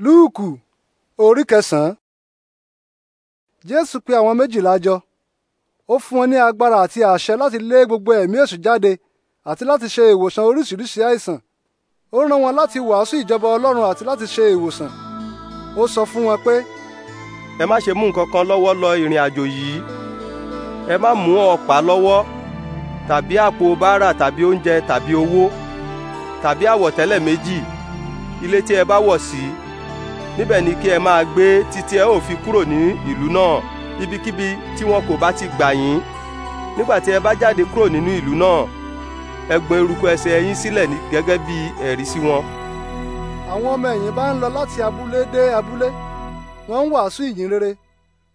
Luku, orí kẹsàn-án. jésù pe àwọn méjìlá jọ ó fún wọn ní agbára àti àṣẹ láti lé gbogbo ẹ̀mí èṣù jáde àti láti ṣe ìwòsàn oríṣiríṣi àìsàn ó rán wọn láti wàásù ìjọba ọlọ́run àti láti ṣe ìwòsàn ó sọ fún wọn pé. ẹ má ṣe mú nǹkan kan lọ́wọ́ lọ ìrìn àjò yìí ẹ má mú ọ̀pá lọ́wọ́ tàbí àpò báárà tàbí oúnjẹ tàbí owó tàbí àwọ̀tẹ́lẹ̀ méjì ilé tí ẹ bá wọ̀ sí. Si níbẹ̀ ni kí ẹ máa gbé títí ẹ ó fi kúrò ní ìlú náà ibikíbi tí wọn kò bá ti gbà yín nígbà tí ẹ bá jáde kúrò nínú ìlú náà ẹ gbọ̀n eruku ẹsẹ̀ yín sílẹ̀ gẹ́gẹ́ bí ẹ̀rí sí wọn. àwọn ọmọ ẹ̀yìn bá ń lọ láti abúlé dé abúlé wọ́n ń wàásù ìyìn rere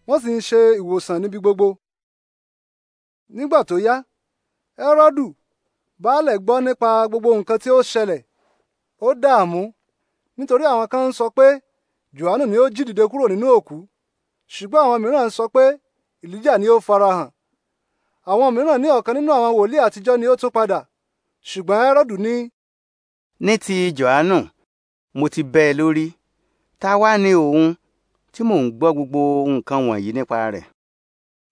wọ́n sì ń ṣe ìwòsàn níbi gbogbo. nígbà tó yá ẹ́rọ́dù baálẹ̀ gbọ́ nípa gbogbo nǹkan tí ó ṣẹlẹ̀ ó dààmú nítorí àwọn kan ń sọ pé Jòhánù ni ó jí dìde kúrò nínú òkú ṣùgbọ́n àwọn mìíràn sọ pé Èlíjà ni ó farahàn àwọn mìíràn ní ọ̀kan nínú àwọn wòlíì àtijọ́ ni ó tún padà ṣùgbọ́n Hẹ́rọ́dù ní. ní ti Jòhánù mo ti bẹ́ ẹ lórí ta wá ní òun tí mò ń gbọ́ gbogbo nǹkan wọ̀nyí nípa rẹ̀.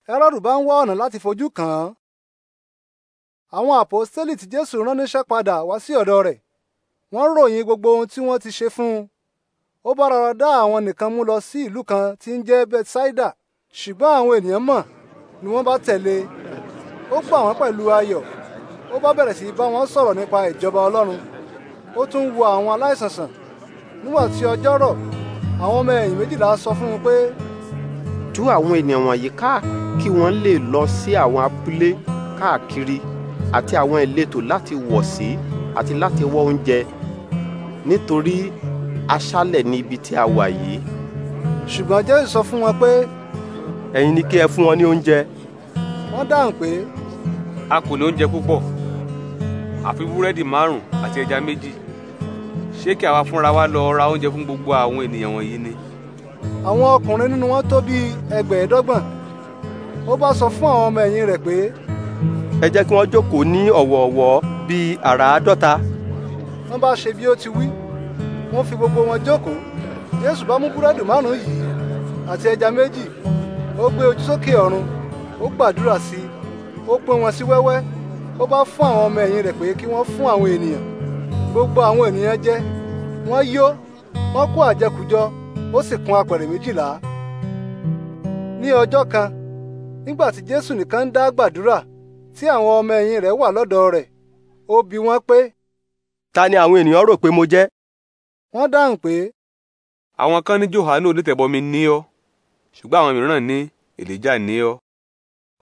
Hẹ́rọ́dù bá ń wá ọ̀nà láti fojú kàn án. àwọn àpòstélì tí Jésù rán níṣẹ́ padà wá sí ọ̀dọ̀ rẹ̀ wọ́n ròyìn gbogbo ohun tí wọ́n ti ṣe fún un ó bá rọra dá àwọn nìkan mú lọ sí ìlú kan tí ń jẹ́ Bethsaida ṣùgbọ́n àwọn ènìyàn mọ̀ ni wọ́n bá tẹ̀lé ó gbà wọ́n pẹ̀lú ayọ̀ ó bá bẹ̀rẹ̀ sí bá wọn sọ̀rọ̀ nípa ìjọba Ọlọ́run ó tún wo àwọn aláìsàn sàn nígbà tí ọjọ́ rọ̀ àwọn ọmọ ẹ̀yìn méjìlá sọ fún un pé. tú àwọn ènìyàn wọ̀nyí ká kí wọ́n lè lọ sí àwọn abúlé káàkiri àti àwọn ìletò láti wọ̀ sí àti láti wọ́ oúnjẹ nítorí aṣálẹ̀ ní ibi tí a wà yìí. ṣùgbọ́n jésù sọ fún wọn pé. ẹ̀yin ni kí ẹ fún wọn ní oúnjẹ. wọ́n dáhùn pé. a kò ní oúnjẹ púpọ̀ àfi búrẹ́dì márùn-ún àti ẹja méjì ṣé kí àwa fúnra wa lọ ra oúnjẹ fún gbogbo àwọn ènìyàn wọ̀nyí ni. àwọn ọkùnrin nínú wọn tó bíi ẹgbẹ̀ẹ́dọ́gbọ̀n ó bá sọ fún àwọn ọmọ ẹ̀yìn rẹ̀ pé. ẹ jẹ́ kí wọ́n jókòó ní ọ̀wọ̀ọ̀wọ́ bíi àràádọ́ta. wọ́n bá ṣe bí ó ti wí. wọ́n fi gbogbo wọn jókòó jésù bá mú búrẹ́dì márùn-ún yìí àti ẹja méjì ó gbé ojú sókè ọ̀run ó gbàdúrà sí i ó pín wọn sí wẹ́wẹ́ ó bá fún àwọn ọmọ ẹ̀yìn rẹ̀ pé kí wọ́n fún àwọn ènìyàn gbogbo àwọn ènìyàn jẹ wọ́n yó wọ́n kó àjẹkù jọ ó sì kún apẹ̀rẹ̀ méjìlá ní ọjọ́ kan nígbà tí jésù nìkan ń dá gbàdúrà tí àwọn ọmọ ẹ̀yìn rẹ̀ wà lọ́dọ̀ rẹ̀ ó bi wọ́n pé. ta ni àwọn ènìyàn rò pé mo jẹ́ wọ́n dáhùn pé. àwọn kan ní johanu olùtẹ̀bọmi ní ọ ṣùgbọ́n àwọn mìíràn ní èlíjà ní ọ.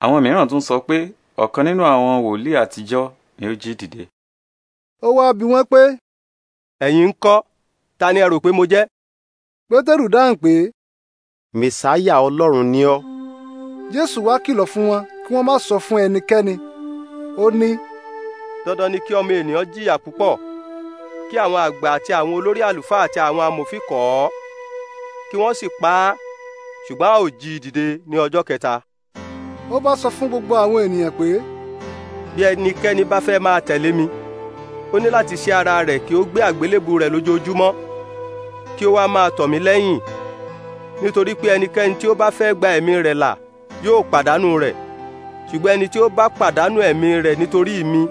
àwọn mìíràn tún sọ pé ọ̀kan nínú àwọn wòlíì àtijọ́ ni ó jí dìde. ó wáá bi wọ́n pé. ẹ̀yin ń kọ́ ta ni ẹ rò pé mo jẹ́. pétérù dáhùn pé. mèsáyà ọlọ́run ni ọ. jésù wá kìlọ̀ fún wọn kí wọ́n má sọ fún ẹnikẹ́ni ó ní. dandan ni kí ọmọ ènìyàn jìyà púpọ̀ kí àwọn àgbà àti àwọn olórí àlùfáà àti àwọn amòfin kọ̀ ọ́ kí wọ́n sì pa á ṣùgbọ́n a ò jí dìde ní ọjọ́ kẹta. ó bá sọ fún gbogbo àwọn ènìyàn pé. bí ẹnikẹ́ni bá fẹ́ máa tẹ̀lé mi ó ní láti ṣe ara rẹ̀ kí ó gbé àgbélébù rẹ̀ lójoojúmọ́ kí ó wá máa tọ̀ mí lẹ́yìn nítorí pé ẹnikẹ́ni tí ó bá fẹ́ gba ẹ̀mí rẹ̀ là yóò pàdánù rẹ̀ ṣùgbọ́n ẹni tí ó bá pàdánù ẹ̀mí rẹ̀ nítorí mi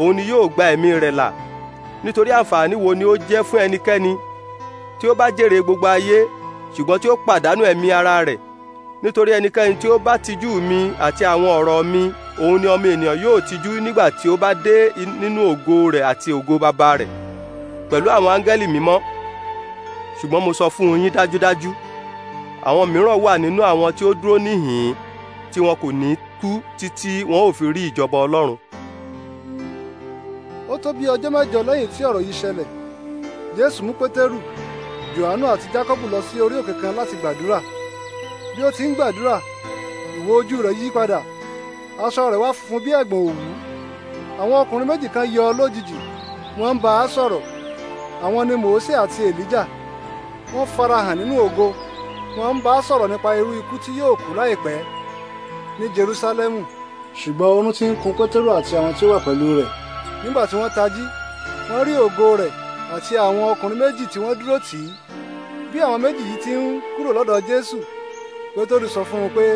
òun ni yóò gba ẹ̀mí rẹ̀ là nítorí àǹfààní wo ni ó jẹ́ fún ẹnikẹ́ni tí ó bá jèrè gbogbo ayé ṣùgbọ́n tí ó pàdánù ẹ̀mí ara rẹ̀ nítorí ẹnikẹ́ni tí ó bá tijú mi àti àwọn ọ̀rọ̀ mi òun ni ọmọ ènìyàn yóò tijú nígbà tí ó bá dé nínú ògo rẹ̀ àti ògo bàbá rẹ̀ pẹ̀lú àwọn áńgẹ́lì mímọ́ ṣùgbọ́n mo sọ fún yín dájúdájú àwọn mìíràn wà nínú àwọn tí ó dúró níhìn-ín tí wọn kò ní kú títí wọn ò fi rí ìjọba ọlọ́run tó bí ọjọ́ mẹ́jọ lẹ́yìn tí ọ̀rọ̀ yìí ṣẹlẹ̀ jésù mú pétérù jòhánù àti jákọ́bù lọ sí orí òkè kan láti gbàdúrà bí ó ti ń gbàdúrà ìwò ojú rẹ̀ yí padà aṣọ rẹ̀ wá funfun bí ẹ̀gbọ̀n òwú àwọn ọkùnrin méjì kan yọ lójijì wọ́n ń bá a sọ̀rọ̀ àwọn ni mòósè àti èlíjà wọ́n farahàn nínú ògo wọ́n ń bá a sọ̀rọ̀ nípa irú ikú tí yóò kú láìpẹ́ ní jerúsálẹ́mù ṣùgbọ́n oorun ti ń kun pétérù àti àwọn tí ó wà pẹ̀lú rẹ̀ nígbà tí wọ́n tají wọ́n rí ògo rẹ̀ àti àwọn ọkùnrin méjì tí wọ́n dúró tì í bí àwọn méjì yìí ti ń kúrò lọ́dọ̀ jésù pétérù sọ fún un pé.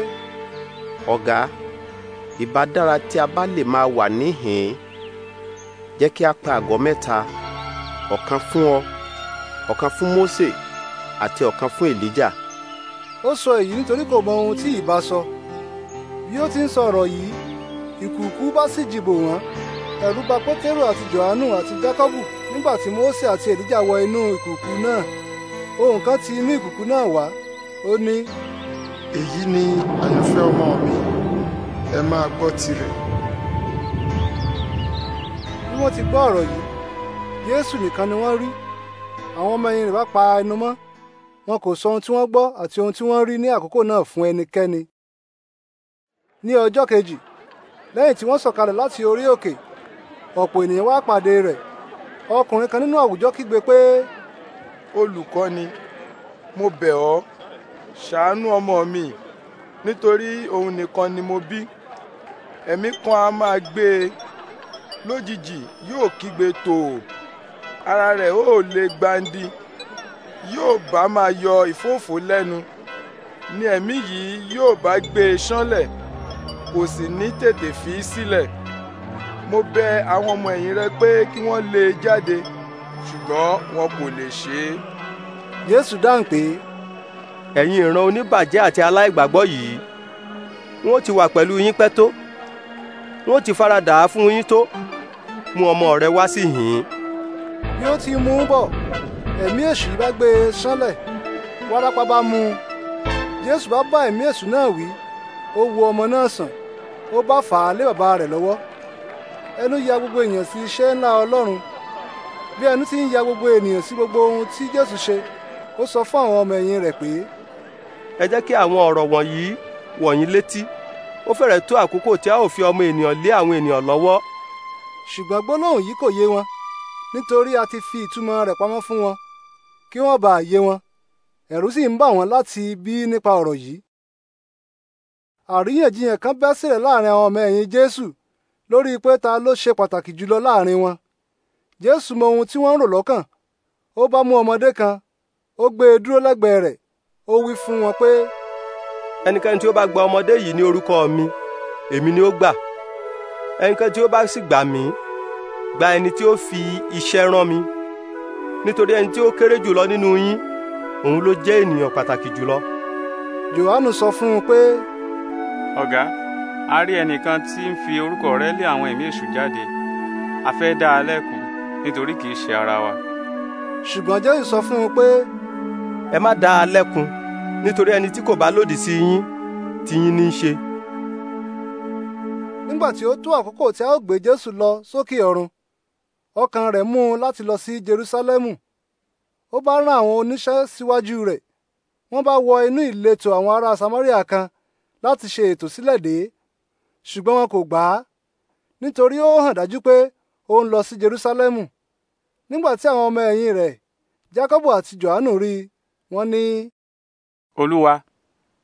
ọ̀gá ìbá dára tí a bá lè máa wà níhìn-ín jẹ́ kí a pa àgọ́ mẹ́ta ọ̀kan fún ọ ọ̀kan fún mósè àti ọ̀kan fún èlíjà. ó sọ èyí nítorí kò mọ ohun tí ìbá sọ bí ó ti ń sọ ọ̀rọ̀ yìí ìkùùkù bá sì jìbò wọ́n ẹ̀rù bà pétérù àti johanu àti jákọ́bù nígbà tí mósè àti èlíjà wọ inú ìkùkù náà ohùn kan ti inú ìkùkù náà wá ó ní. èyí ni àyànfẹ́ ọmọ mi ẹ máa gbọ́ tirẹ̀. bí wọ́n ti gbọ́ ọ̀rọ̀ yìí jésù nìkan ni wọ́n rí àwọn ọmọ ẹ̀yìn rẹ̀ bá pa ẹnu mọ́ wọn kò sọ ohun tí wọ́n gbọ́ àti ohun tí wọ́n rí ní àkókò náà fún ẹnikẹ́ni. ní ọjọ́ kejì lẹ́yìn tí wọ́n sọ̀kalẹ̀ láti orí òkè ọ̀pọ̀ ènìyàn wá pàdé rẹ̀ ọkùnrin kan nínú àwùjọ kígbe pé. olùkọ́ ni mo bẹ̀ ọ́ ṣàánú ọmọ mi nítorí òun nìkan ni mo bí ẹ̀mí kan a máa gbé e lójijì yóò kígbe tòò ara rẹ̀ ó le gbandi yóò bá máa yọ ìfófó lẹ́nu ni ẹ̀mí yìí yóò bá gbé e ṣánlẹ̀ kò sì ní tètè fi í sílẹ̀. Si mo bẹ àwọn ọmọ ẹ̀yìn rẹ pé kí wọ́n lé e jáde ṣùgbọ́n wọn kò lè ṣe é. Jésù dáhùn pé ẹ̀yin ìran oníbàjẹ́ àti aláìgbàgbọ́ yìí wọ́n ti wà pẹ̀lú yín pẹ́ tó wọ́n ti faradà á fún yín tó mú ọmọ rẹ wá sí yìnyín. bí ó ti mú un bọ̀ ẹ̀mí èṣù bá gbé e sánlẹ̀ wárápá bá mú un Jésù bá bá ẹ̀mí èṣù náà wí ó wo ọmọ náà sàn ó bá fà á lé bàbá rẹ̀ lọ́wọ́ ẹnu ya gbogbo ènìyàn sí iṣẹ́ ńlá Ọlọ́run bí ẹnu ti ń ya gbogbo ènìyàn sí gbogbo ohun tí Jésù ṣe ó sọ fún àwọn ọmọ ẹ̀yìn rẹ̀ pé. ẹ jẹ́ kí àwọn ọ̀rọ̀ wọ̀nyí wọ̀ yín létí ó fẹ́rẹ̀ tó àkókò tí a ò fi ọmọ ènìyàn lé àwọn ènìyàn lọ́wọ́. ṣùgbọ́n gbólóhùn yìí kò yé wọn nítorí a ti fi ìtumọ̀ rẹ̀ pamọ́ fún wọn kí wọ́n bàa yé wọn ẹ̀rù sì ń bà wọ́n láti bí nípa ọ̀rọ̀ yìí. àríyànjiyàn kan bẹ́ sílẹ̀ láàrin àwọn ọmọ ẹ̀yìn Jésù lórí pé ta ló ṣe pàtàkì jùlọ láàrin wọn. Jésù mọ ohun tí wọ́n ń rò lọ́kàn. Ó bá mú ọmọdé kan, ó gbé e dúró lẹ́gbẹ̀ẹ́ rẹ̀, ó wí fún wọn pé. Ẹnikẹ́ni tí ó bá gba ọmọdé yìí ní orúkọ mi, èmi ni ó gbà. Ẹnikẹ́ni tí ó bá sì gbà mí, gba ẹni tí ó fi iṣẹ́ rán mi. Nítorí ẹni tí ó kéré jùlọ nínú yín, òun ló jẹ́ ènìyàn pàtàkì jùlọ. Jòhánù sọ fún un pé. Ọ̀gá, a rí ẹnìkan tí ń fi orúkọ rẹ lé àwọn ẹ̀mí èṣù jáde a fẹ́ dá a lẹ́kùn nítorí kìí ṣe ara wa. ṣùgbọ́n jésù sọ fún un pé ẹ má dá a lẹ́kùn nítorí ẹni tí kò bá lòdì sí yín tí yín ní í ṣe. nígbà tí ó tó àkókò tí a ó gbé jésù lọ sókè ọ̀run ọkàn rẹ̀ mú un láti lọ sí jerúsálẹ́mù ó bá rán àwọn oníṣẹ́ síwájú rẹ̀ wọ́n bá wọ inú ìletò àwọn ará samaria kan láti ṣe ètò sílẹ̀ dè é ṣùgbọ́n wọn kò gbà á nítorí ó hàn dájú pé ó ń lọ sí Jerúsálẹ́mù nígbà tí àwọn ọmọ ẹ̀yìn rẹ̀ Jákọ́bù àti Jòhánù rí i wọ́n ní. Olúwa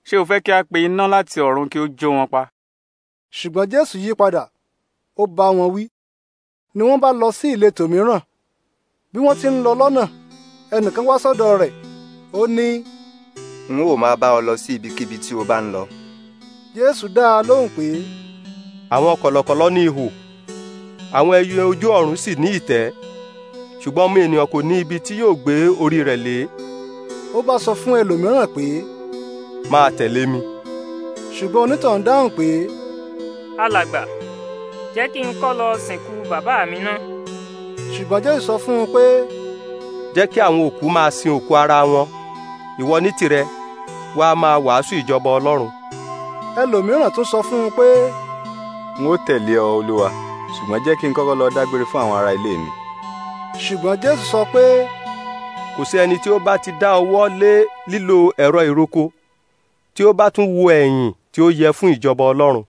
ṣé o fẹ́ kí a pe iná láti ọ̀run kí ó jó wọn pa. ṣùgbọ́n Jésù yí padà ó bá wọn wí ni wọ́n bá lọ sí ìletò mìíràn bí wọ́n ti ń lọ lọ́nà ẹnìkan wá sọ́dọ̀ rẹ̀ ó ní. n ó máa bá ọ lọ sí ibikíbi tí o bá ń lọ. Jésù dá a lóhùn pé. àwọn kọlọkọlọ ní ihò àwọn ẹyẹ ojú ọ̀run sì ní ìtẹ́ ṣùgbọ́n ọmọ ènìyàn kò ní ibi tí yóò gbé orí rẹ lé. ó bá sọ fún ẹlòmíràn pé. máa tẹ̀lé mi. ṣùgbọ́n onítàn dáhùn pé. alàgbà jẹ́ kí n kọ́ lọ sìnkú bàbá mi ná. ṣùgbọ́n jésù sọ fún un pé. jẹ́ kí àwọn òkú máa sin òkú ara wọn ìwọ ní tirẹ̀ wàá máa wàásù ìjọba ọlọ́run. ẹlòmíràn tún sọ fún un pé. n ó tẹ̀lé ọ olúwa ṣùgbọ́n jẹ́ kí n kọ́kọ́ lọ dágbére fún àwọn ará ilé mi. ṣùgbọ́n jésù sọ pé kò sí ẹni tí ó bá ti dá ọwọ́ lé lílo ẹ̀rọ ìroko tí ó bá tún wo ẹ̀yìn tí ó yẹ fún ìjọba ọlọ́run